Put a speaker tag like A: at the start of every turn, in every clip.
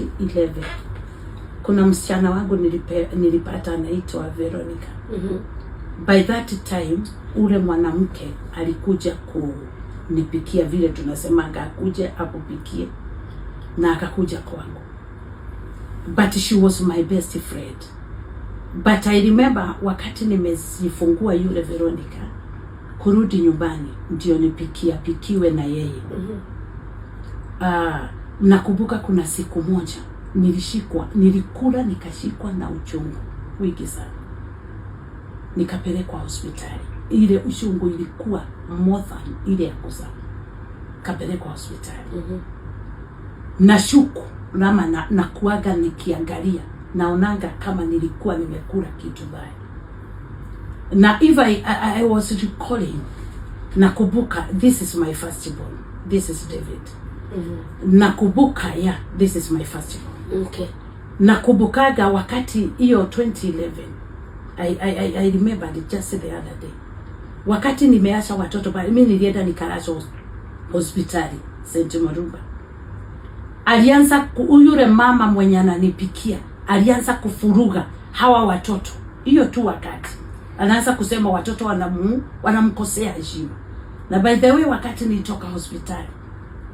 A: 2011 kuna msichana wangu nilipe, nilipata anaitwa Veronica. mm -hmm. By that time ule mwanamke alikuja kunipikia vile tunasemanga akuje akupikie na akakuja kwangu, but she was my best friend. But I remember wakati nimezifungua yule Veronica kurudi nyumbani ndio nipikia pikiwe na yeye. mm -hmm. ah, Nakumbuka kuna siku moja nilishikwa, nilikula nikashikwa na uchungu wiki sana, nikapelekwa hospitali. Ile uchungu ilikuwa motha ile ya kuzaa, kapelekwa hospitali mm -hmm. na shuku nama na, nakuaga nikiangalia, naonanga kama nilikuwa nimekula kitu baya, na if I, I, I was recalling, nakumbuka this is my first born, this is David mm. Mm-hmm. nakumbuka yeah, this is my first okay. Nakumbukaga wakati hiyo 2011 I, I, I remembered just the other day wakati nimeacha watoto mimi nilienda nikalacha hospitali St. Marumba, alianza yule mama mwenye ananipikia alianza kufuruga hawa watoto hiyo tu wakati anaanza kusema watoto wanamu, wanamkosea heshima. Na by the way, wakati nilitoka hospitali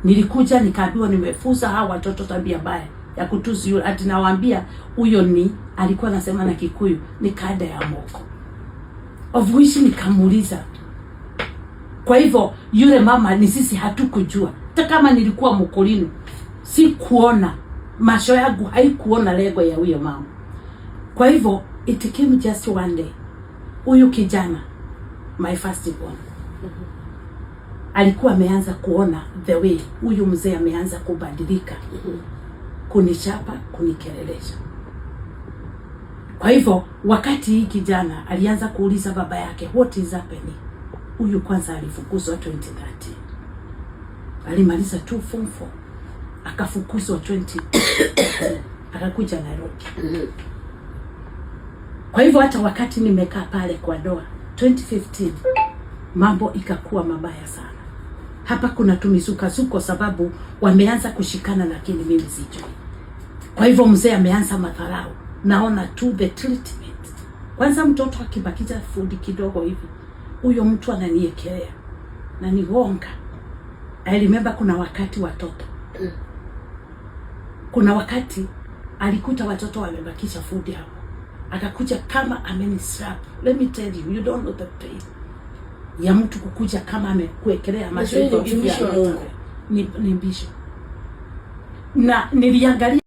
A: Nilikuja nikaambiwa nimefuza hao watoto tabia mbaya ya kutusi yule, ati nawaambia huyo ni alikuwa anasema na Kikuyu ni kada ya moko of which nikamuuliza. Kwa hivyo yule mama ni sisi hatukujua, hata kama nilikuwa mkulini, sikuona macho yangu haikuona lego ya huyo mama. Kwa hivyo it came just one day, huyu kijana my first born mm-hmm alikuwa ameanza kuona the way huyu mzee ameanza kubadilika, mhm. kunichapa, kunikelelesha. Kwa hivyo wakati hii kijana alianza kuuliza baba yake, what is happening, huyu kwanza alifukuzwa 2013 alimaliza tu form 4 akafukuzwa 20 akakuja Nairobi. Mhm. Kwa hivyo hata wakati nimekaa pale kwa doa 2015 mambo ikakuwa mabaya sana hapa kuna tumizukazuko sababu wameanza kushikana, lakini mimi sijui. Kwa hivyo mzee ameanza madharau, naona tu the treatment kwanza. Mtoto akibakiza fudi kidogo hivi, huyo mtu ananiekelea na nigonga. I remember kuna wakati watoto, kuna wakati alikuta watoto wamebakisha fudi hapo, akakuja kama amenislap. Let me tell you, you don't know the pain ya mtu kukuja kama amekuekelea macho ya
B: Mungu ni, ni
A: na niliangalia